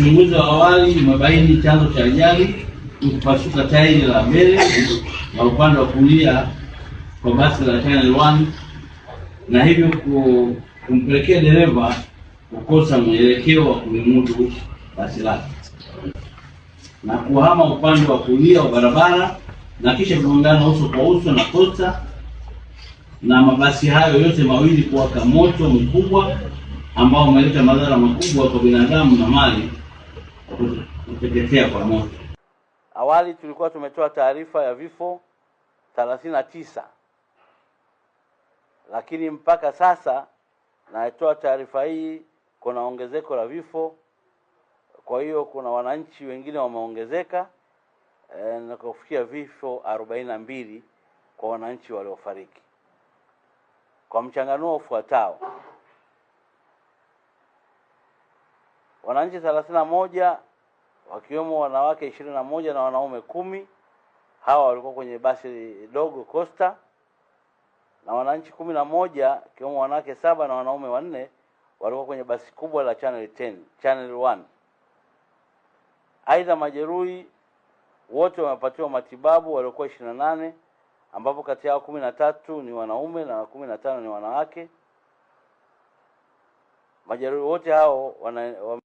Uchunguzi wa awali umebaini chanzo cha ajali ni kupasuka tairi la mbele na upande wa kulia kwa basi la Channel One na hivyo kumpelekea dereva kukosa mwelekeo wa kulimudu basi lake na kuhama upande wa kulia wa barabara na kisha kugongana uso kwa uso na kosta na mabasi hayo yote mawili kuwaka moto mkubwa ambao umeleta madhara makubwa kwa binadamu na mali kuteketea kwa moto. Awali tulikuwa tumetoa taarifa ya vifo thelathini na tisa lakini mpaka sasa natoa taarifa hii, kuna ongezeko la vifo. Kwa hiyo kuna wananchi wengine wameongezeka e, na kufikia vifo arobaini na mbili kwa wananchi waliofariki kwa mchanganuo ufuatao: wananchi thelathini na moja wakiwemo wanawake ishirini na moja na wanaume kumi. Hawa walikuwa kwenye basi dogo Costa, na wananchi kumi na moja wakiwemo wanawake saba na wanaume wanne walikuwa kwenye basi kubwa la Channel 10, Channel 1. Aidha, majeruhi wote wamepatiwa matibabu waliokuwa ishirini na nane ambapo kati yao kumi na tatu ni wanaume na kumi na tano ni wanawake. Majeruhi wote hao wana